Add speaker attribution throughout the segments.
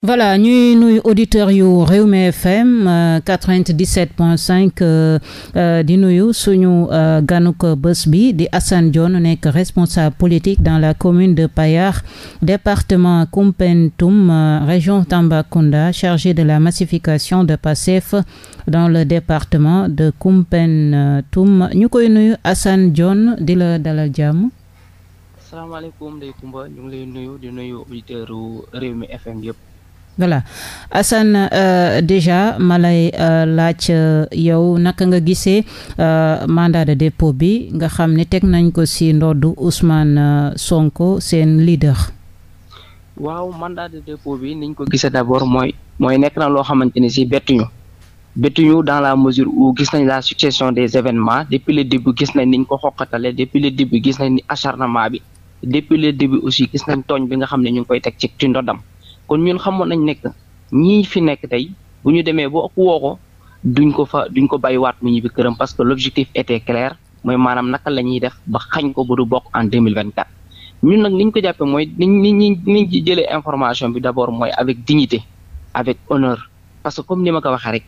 Speaker 1: voilà ñuy nuyu auditeurs yu Rewmi FM 97.5 euh, euh, euh, di nuyu suñu ganuk bés bi di Assane Dione nekk responsable politique dans la commune de Payar département Koumpentoum région Tambacounda chargé de la massification de Pastef dans le département de Koumpentoum ñu koy nuyu Assane Dione di la dalal jàmm.
Speaker 2: asalaamaaleykum Ndeye yëpp.
Speaker 1: voilà Assane euh, déjà ma lay euh, laaj euh, yow naka nga gisee euh, mandat de dépôt bi nga xam ne teg nañ ko ci ndoddu Ousmane Sonko seen leader.
Speaker 2: waaw mandat de dépôt bi niñ ko gisee d'abord mooy mooy nekk na loo xamante ni ci bettuñu bettuñu dans la mesure où gis nañ la succession des événements depuis le début gis nañ niñ ko xoqatale depuis le début gis nañ ni acharnement bi depuis le début aussi gis nañ tooñ bi nga xam ne ñu koy teg ci ci kon ñun xamoon nañ nekk ñii fi nekk tey bu ñu demee ba woo ko duñ ko fa duñ ko bàyyiwaat mu ñibbi këram parce que l'objectif était clair mooy maanaam naka la ñuy def ba xañ ko ba du bokk en deux mille vingt quatre ñun nag ni ñu ko jàppee mooy ni ñu ni ci jëlee information bi d' abord mooy avec dignité avec honneur parce que comme ni ma ko waxee rek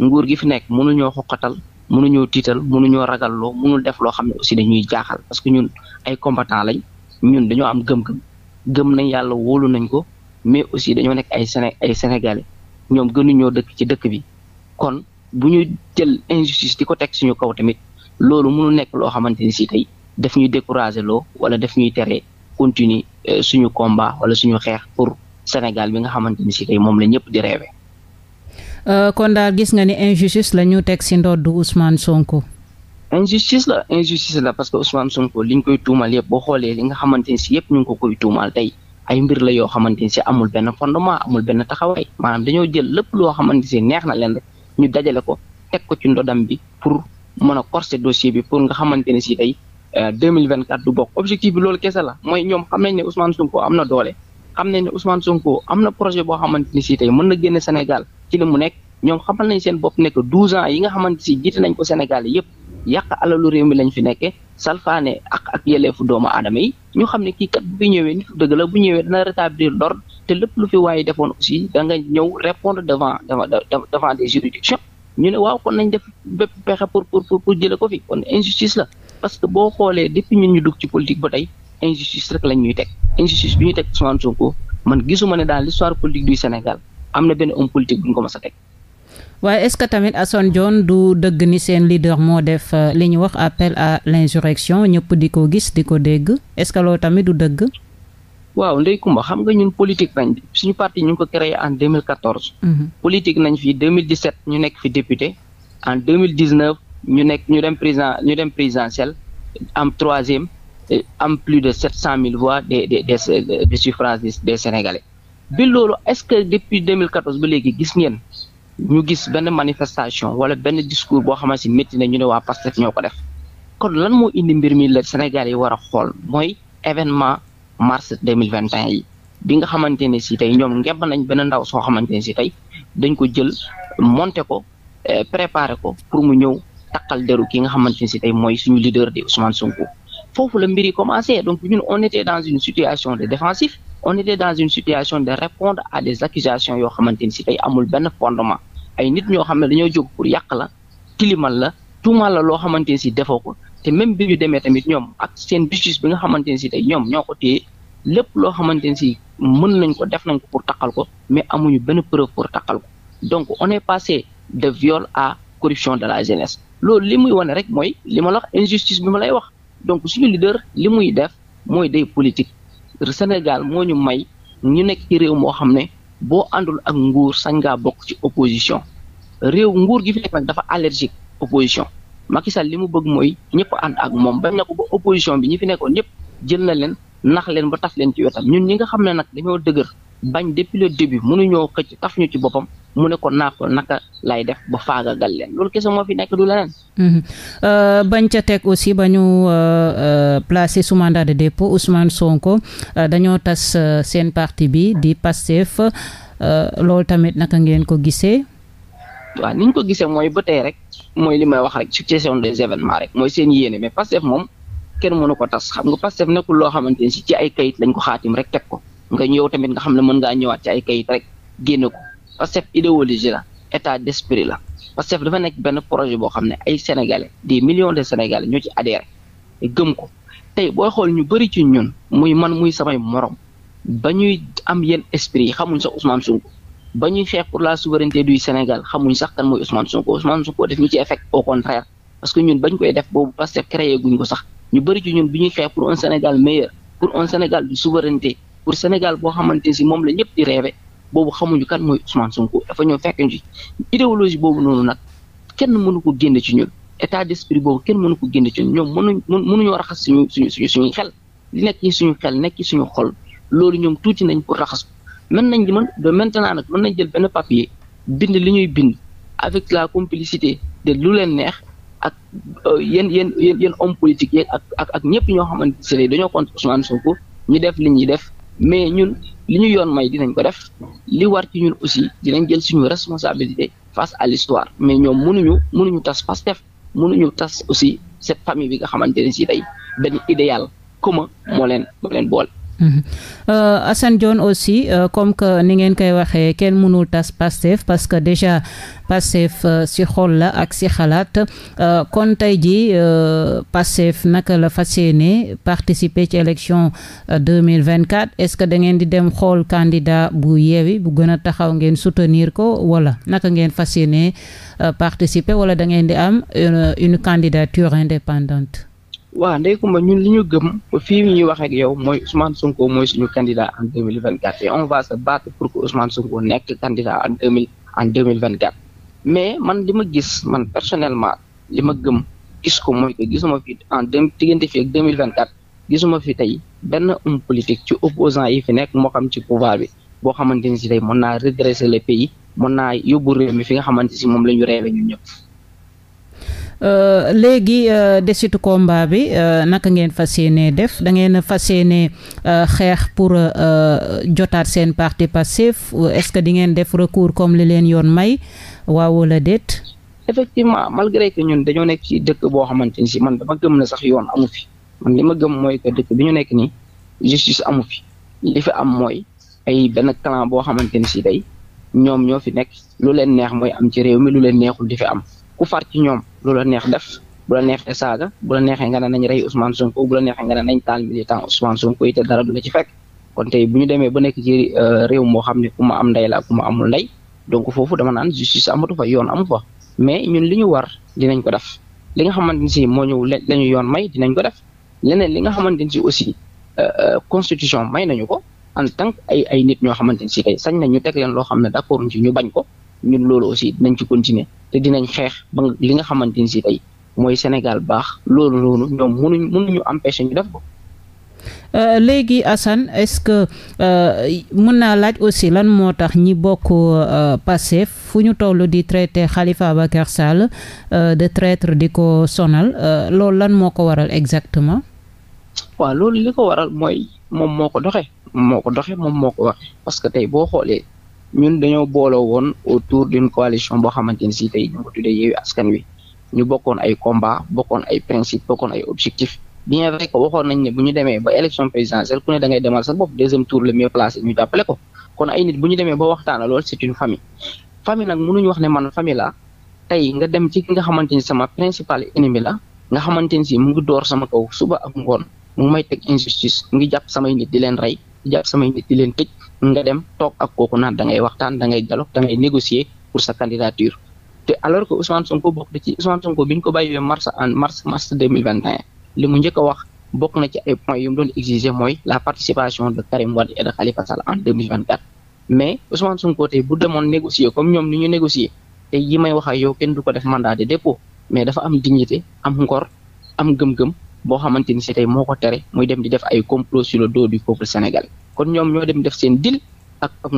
Speaker 2: nguur gi fi nekk ñoo mënuñoo xoqatal mënuñoo tiital mënuñoo ragalloo mënul def loo xam ne aussi dañuy jaaxal parce que ñun ay combattant lañ ñun dañoo am gëm-gëm nañ yàlla wóolu nañ ko mais aussi dañoo nekk ay Séné ay sénégalais ñoom gënuñoo dëkk ci dëkk bi kon bu ñu jël injustice di ko teg suñu kaw tamit loolu mënu nekk loo xamante ni si tey daf ñuy décourager loo wala def ñuy tere continuer euh, suñu combat wala suñu xeex pour Sénégal bi nga xamante ni si tey moom la ñëpp di reewee.
Speaker 1: Euh, kon daal gis nga ni injustice la ñu teg si ndoddu Ousmane Sonko.
Speaker 2: injustice la injustice la parce que Ousmane Sonko liñ koy tuumal yëpp boo xoolee li nga xamante ni si yëpp ñu ngi ko koy tuumal tey. ay mbir la yoo xamante ni si amul benn fondement amul benn taxawaay maanaam dañoo jël lépp loo xamante si neex na leen rek ñu dajale ko teg ko ci ndodam bi pour mën a corser dossier bi pour nga xamante ne si tey 2024 euh, du bokk objectif bi loolu kese la mooy ñoom xam nañ ne Ousmane Sonko am na doole xam nañ ne Ousmane Sonko am na projet boo xamante ni si tey mën na génne Sénégal ci li mu nekk ñoom xamal nañ seen bopp nekk 12 ans yi nga xamante si jiite nañ ko Sénégal yépp yàq alalu réew mi lañ fi nekkee salfaane ak ak yeleefu doomu aadama yi ñu xam ne kii kat bu fi ñëwee nitu dëgg la bu ñëwee dana rétablir l'ordre te lépp lu fi waaye defoon aussi da nga ñëw répondre devant devant devant des ñu ne waaw kon nañ def bépp pexe pour pour pour jële ko fi kon injustice la parce que boo xoolee depuis ñun ñu dugg ci politique ba tey injustice rek lañ ñuy teg injustice bi teg Ousmane ko man gisuma ne dans l'histoire politique du Sénégal am na benn homme politique ñu ko mës a teg
Speaker 1: waaye est-ce que tamit Assane Dione du dëgg ni seen leader moo def euh, li ñu wax appel à l'insurrection ñëpp di ko gis di ko dégg est-ce que loolu tamit du dëgg.
Speaker 2: waaw Ndeye Comba xam nga ñun politique nañ suñu parti ñu ngi ko créé en 2014. Mm -hmm. politique nañ fi 2017 ñu nekk fi député en 2019 ñu nekk ñu dem président ñu dem présidentiel am troisième am plus de set cent mille des des des suffrages des bi loolu est-ce que depuis 2014 ba léegi gis ngeen. ñu gis benn manifestation wala benn discours boo xamante ni métti na ñu ne waa Pastef ñoo ko def kon lan moo indi mbir mi la Sénégal yi war a xool mooy événement mars deux mille vingt et yi bi nga si tey ñoom ngebb nañ benn ndaw soo xamante si tey dañ ko jël monté ko eh, préparé ko pour mu ñëw takkal deru ki nga xamante si tey mooy suñu leader di Ousmane Sonko foofu la mbir yi donc ñun on dans une situation de défensif on était dans une situation de répondre à des accusations yoo xamante ni si tey amul benn fondement ay nit ñoo xam ne dañoo jóg pour yàq la tilimal la tuumal la loo xamante ni si defoo ko te même bi ñu demee tamit ñoom ak seen bi nga xamante ni si tey ñoom ñoo ko téye lépp loo xamante ni si mën nañ ko def nañ ko pour taqal ko mais amuñu benn preuve pour taqal ko donc on est passé de viol à corruption de la jeunesse loolu li muy wane rek mooy li ma la wax injustice bi ma lay wax donc suñu leader li muy def mooy day politique Sénégal moo ñu may ñu nekk ci réew moo xam ne boo àndul ak nguur sañ ngaa bokk ci opposition réew nguur gi fi nekk dafa allergique opposition Macky Sall li mu bëgg mooy ñëpp and ak moom bañ na ko ba opposition bi ñu fi nekkoon ñëpp jël na leen nax leen ba taf leen ci wetam ñun ñi nga xam ne nag dañoo dëgër bañ depuis le début mënuñoo xëcc taf ñu ci boppam mu ne ko naa ko naka lay def ba faagagal leen loolu kese moo fi
Speaker 1: nekk du leneen. Mhm. Euh, bañ ca teg aussi ba ñu euh, euh, placé sous mandat de dépôt Ousmane Sonko dañoo tas seen parti bi di Pastef loolu tamit naka ngeen ko gisee.
Speaker 2: waaw ni ñu ko gisee mooy ba tey rek mooy li may wax rek succession des événements rek mooy seen yéene mais Pastef moom kenn mënu ko tas xam nga Pastef nekkul loo xamante ni si ci ay kayit lañ ko xaatim rek teg ko nga ñëw tamit nga xam ne mën ngaa ñëwaat ci ay kayit rek ko. Pastef idéologie la état d'esprit la Pastef dafa nekk benn projet boo xam ne ay sénégalais des millions de sénégalais ñoo ci adhéré gëm ko tey boo xool ñu bëri ci ñun muy man muy samay morom ba ñuy am yenn esprit yi xamuñ sax Ousmane Sonko ba ñuy xeex pour la souveraineté du Sénégal xamuñ sax kan mooy Ousmane Sonko Ousmane Sonko def ñu ci effet au contraire parce que ñun bañ koy def boobu Pastef créé guñ ko sax ñu bëri ci ñun bi ñuy xeex pour un Sénégal meilleur pour un Sénégal de souveraineté pour Sénégal boo xamante si moom la ñëpp di boobu xamuñu kan mooy Ousmane Sonko dafa ñoo fekk ñu idéologie boobu noonu nag kenn mënu ko génne ci ñun état d'esprit boobu kenn mënu ko génne ci ñun ñoom mënuñ mënuñoo raxas suñu suñu suñu suñu xel li nekk suñu xel nekk ci suñu xool loolu ñoom tuuti nañ pour raxas mën nañ mën de maintenant nag mën nañ jël benn papier bind li ñuy bind avec la complicité de lu leen neex ak euh, yéen yéen yéen yéen homme politique yeeg ak ak ak ñëpp ñoo xamante ne dañoo contre Ousmane Sonko ñu def li ñuy def mais ñun li ñu yoon may dinañ ko def li war ñun aussi dinañ jël suñu responsabilité face à l'histoire mais ñoom munuñu mënuñu mënuñu tas Pastef mënuñu tas aussi cette famille bi nga xamante ne si day benn idéal comme moo leen moo leen boole Mhm.
Speaker 1: Euh, Assane Dione aussi euh, comme que ni ngeen koy waxee kenn mënul tas Pastef parce que déjà Pastef euh, si xool la ak si xalaat kon tey jii Pastef naka la fas yéene participer ci élection deux mille vingt quatre est ce que da ngeen di dem xool candidat bu yeewi bu gën a taxaw ngeen soutenir ko wala naka ngeen fas yéene participer wala da ngeen di am une candidature indépendante.
Speaker 2: waaw ndey Kumba ñun li ñu gëm fi ñuy wax ak yow mooy Ousmane Sonko mooy suñu candidat en deux mille vingt quatre et on va se battre pour que Ousmane Sonko nekk candidat en deux mille en deux mille vingt quatre mais man li ma gis man personnellement li ma gëm gis ko mooy que gisuma fi en deux diggante fi ak mille vingt quatre gisuma fi tey benn homme politique ci opposant yi fi nekk moo xam ci pouvoir bi boo xamante ni si tey mën naa redresser le pays mën naa yóbbu réew mi fi nga xamante si moom la ñu réewee ñun ñëpp.
Speaker 1: Euh, léegi euh, desitu komba bi euh, naka ngeen fas yéenee def da ngeen fas yéenee xeex pour jotaat seen parti Pastef est-ce que di ngeen def recours comme li leen yoon may waaw wala det effectivement malgré
Speaker 2: que ñun dañoo nekk ci dëkk boo xamante ni si man dama gëm na sax yoon amu fi man li ma gëm mooy que dëkk bi ñu nekk nii justice amu fi li fi am mooy ay benn clan boo xamante ni si day ñoom ñoo fi nekk lu leen neex mooy am ci réew mi lu leen neexul di fi am ku far ci ñoom. lu la neex def bu la neexee saaga bu la neexee nga ne nañ rey Ousmane Sonko bu la neexee nga ne nañ taal militant Ousmane Sonko yi te dara du la ci fekk kon tey bu ñu demee ba nekk ci euh, réew moo xam ne ku ma am ndey la ku ma amul ndey donc foofu dama naan justice amatu fa yoon amu fa mais ñun li ñu war dinañ ko def li nga xamante ni si moo ñëw la ñu yoon may dinañ ko def leneen li nga xamante ni si aussi euh, euh, constitution may nañu ko en tant ay ay nit ñoo xamante ni si tey sañ nañ ñu teg leen loo xam ne d'accord ci ñu bañ ko ñun loolu aussi dinañ ci continuer te dinañ xeex li nga xamante ni si tey mooy Sénégal baax loolu loolu ñoom mënuñ mënuñu empêcher ñu def ko.
Speaker 1: Euh, léegi Assane est-ce que euh, mën naa laaj aussi lan moo tax ñi bokk euh, Pastef fu ñu toll di traité Khalifa Ababacar Sall euh, de traitre di ko sonal euh, lool lan moo ko waral exactement.
Speaker 2: waaw loolu li ko waral mooy moom moo ko doxee. moo ko doxee moom moo ko waxee parce que tey boo xoolee ñun dañoo booloo woon autour d'une coalition boo xamante ni si tey ñu Askan Wi ñu bokkoon ay combat bokkoon ay principe bokkoon ay objectif bien vrai que waxoon nañ ne bu ñu demee ba élection présidentielle ku ne da demal sa bopp deuxième tour le mieux placé ñu jàppale ko kon ay nit bu ñu demee ba waxtaana lool c'est une famille famille nag mënuñu wax ne man famille la tey nga dem ci ki nga xamante ni sama principal ennemi la nga xamante ni si mu ngi door sama kaw suba ak ngoon mu may teg injustice ngi jàpp samay nit di leen rey di jàpp nit di leen tëj nga dem toog ak kooku naan da ngay waxtaan da ngay dialogue da ngay négocier pour sa candidature te alors que Ousmane Sonko bokk na ci Ousmane Sonko bi ñu ko bàyyiwee mars en mars mars deux mille vingt et un li mu njëkk a wax bokk na ci ay points yu mu doon exiger mooy la participation de Karim Wade et de Khalifa en deux mille vingt quatre mais Ousmane Sonko tey bu demoon négocier comme ñoom ni ñu négocier te yi may wax ak yow kenn du ko def mandat de dépôt mais dafa am dignité am ngor am gëm-gëm boo xamante ni si tey moo ko tere muy dem di def ay complot sur le dos du peuple kon ñoom ñoo dem def seen dil ak ak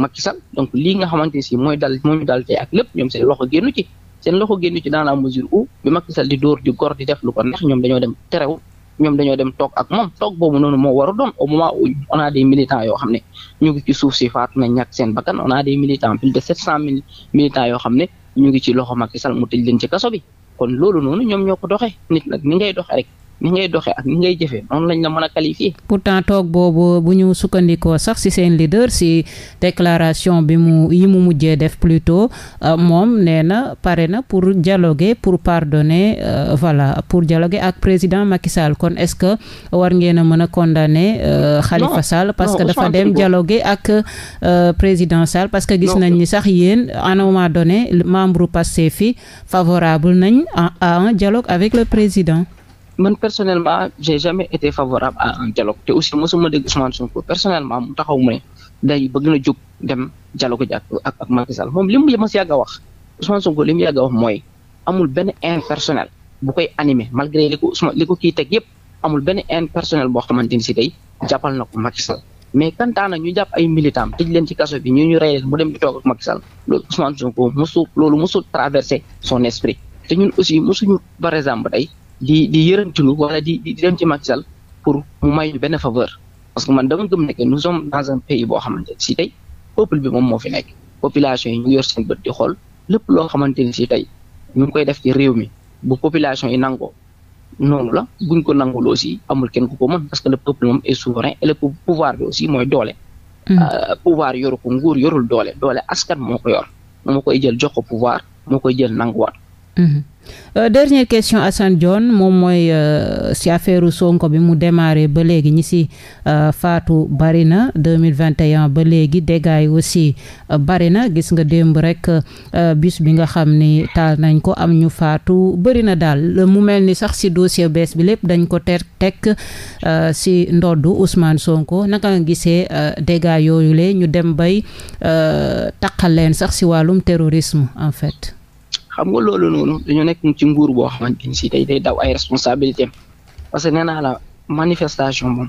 Speaker 2: donc lii nga xamante si mooy dal mooy dal tey ak lépp ñoom seen loxo génnu ci seen loxo génnu ci dans la mesure où bi di dóor di gor di def lu ko neex ñoom dañoo dem terew ñoom dañoo dem toog ak moom toog boobu noonu moo war a doon au moment où on a des militants yoo xam ne ñu ngi ci suuf si faatu na ñàkk seen bakkan on a des militants plus de sept cent mille militants yoo xam ne ñu ngi ci loxo Macky Sall mu tëj leen ci kaso bi kon loolu noonu ñoom ñoo ko doxee nit nag ni ngay doxee rek ni ngay doxee ak ni ngay jëfee noonu lañ la mën a qualifier.
Speaker 1: pourtant toog boobu bu ñu sukkandikoo sax ci seen leader ci déclaration bi mu yi mu mujjee def plutôt euh, moom nee na pare na pour dialoguer pour pardonner euh, voilà pour dialoguer ak président Macky Sall kon est-ce que war ngeen a mën a condamner euh, Khalifa Sall parce que dafa dem dialoguer ak président Sall parce que gis nañ ni sax yéen à un moment donné membre Pastef fi favorable nañ à un dialogue avec le président
Speaker 2: man personnellement j'ai jamais été favorable a un dialogue te aussi mosuma dégg Ousmane Sonko personnellement mu taxaw mu ne bëgg na jóg dem dialogue ji ak ak ak moom li mu mas yàgg a wax Ousmane Sonko li mu yàgg wax mooy amul benn impersonnel bu koy animé malgré li ko li ko kii teg yëpp amul benn impersonnel boo xamante ni si day jàppal na ko Macky Sall mais kantaana ñu jàpp ay militant tëj leen ci kaso bi ñu ñu rey mu dem di toog ak Macky Sall loolu Ousmane Sonko mosul loolu mosul traversé son esprit te ñun aussi mosuñu par exemple day di di yërëmtulu wala di di dem ci Macky pour mu may ñu benn faveur parce que man dama gëm nekk nous sommes dans un pays boo xamante ne si tey peuple bi moom moo fi nekk population yi ñu yor seen bët di xool lépp loo xamante ni si tey ñu ngi koy def ci réew mi bu population yi nangoo noonu la buñ ko nangul aussi amul kenn ku ko mën parce que le peuple moom est souverain et pouvoir bi aussi mooy doole. Hmm. Euh, pouvoir yoru ko nguur yorul doole doole askan moo ko yor moo koy jël jox ko pouvoir moo koy jël nanguwaat.
Speaker 1: Mmh. Euh, dernière question Assane Dione moom mooy euh, si affaire Sonko bi mu démarré ba léegi ñi si euh, faatu bari na 2021 ba léegi dégâts yi aussi euh, bari na gis nga démb rek euh, bus bi nga xam ni taal nañ ko am ñu faatu bari na daal mu mel ni sax si dossier bees bi lépp dañ ko ter teg euh, si ndoddu Ousmane Sonko naka nga gisee dégâts yooyu le ñu dem bay taqal leen sax si wàllum terrorisme en fait.
Speaker 2: xam nga loolu noonu dañoo nekk ci nguur boo xamante ni si tey day daw ay responsabilité parce que nee naa la
Speaker 1: manifestation
Speaker 2: moom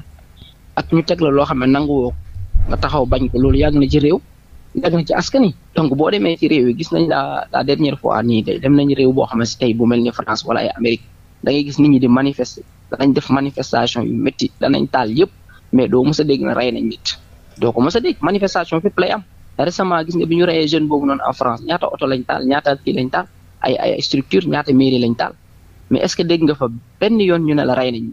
Speaker 2: ak ñu teg la loo xam ne nangu woo nga taxaw bañ ko loolu yàgg na ci réew yàgg na ci askan yi donc boo demee ci réew yi gis nañ la la dernière fois nii day dem nañ réew boo xam ne si tey bu mel wala ay Amérique da ngay gis nit ñi di manifester danañ def manifestation yu métti danañ taal yëpp mais doo mës a dégg na rey nañ nit doo ko mës a dégg manifestation fépp lay am récemment gis nga bi ñu jeune boobu noonu en France ñaata oto lañ taal ñaata kii lañ taal ay ay structure ñaata mairie lañ taal mais est-ce que dégg nga fa benn yoon ñu ne la rey nañ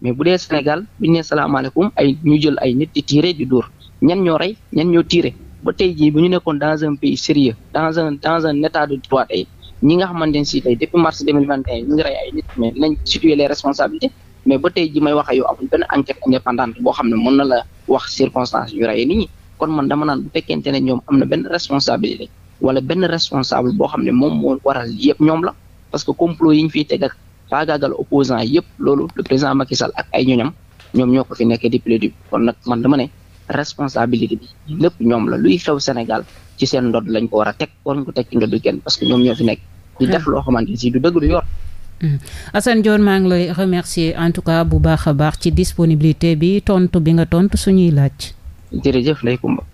Speaker 2: mais bu dee Sénégal bu ñu nee salaamaaleykum ay ñu jël ay nit di tiire di dóor ñan ñoo ñan ñoo tiire ba tey jii bu ñu nekkoon dans un pays sérieux dans un dans de droit tey ñi nga xamante ne si tey depuis mars 2021 ñu ngi rey ay nit mais nañ situer les responsabilités mais ba tey ji may wax yow amul benn enquête indépendante boo xam ne mën na la wax circonstance yu rey nit ñi kon man dama naan bu fekkente ne ñoom am na benn responsabilité wala benn responsable boo xam ne moom moo waral yëpp ñoom la parce que complot yi ñu fiy teg ak faagaagal opposant yëpp loolu le président Macky Sall ak ay ñoñam ñoom ñoo ko fi nekkee di plaider kon nag man dama ne responsabilité bi lépp ñoom la luy xew Sénégal ci seen ndodd lañ ko war a teg war ko teg ci ndoddu kenn parce que ñoom ñoo fi nekk di def loo xamante ni si du dëgg du yor
Speaker 1: hmm. Assane joon maa ngi lay remercier en tout cas bu baax a baax ci disponibilité bi tontu bi nga tontu suñuy laaj jërëjëf Ndeye Comba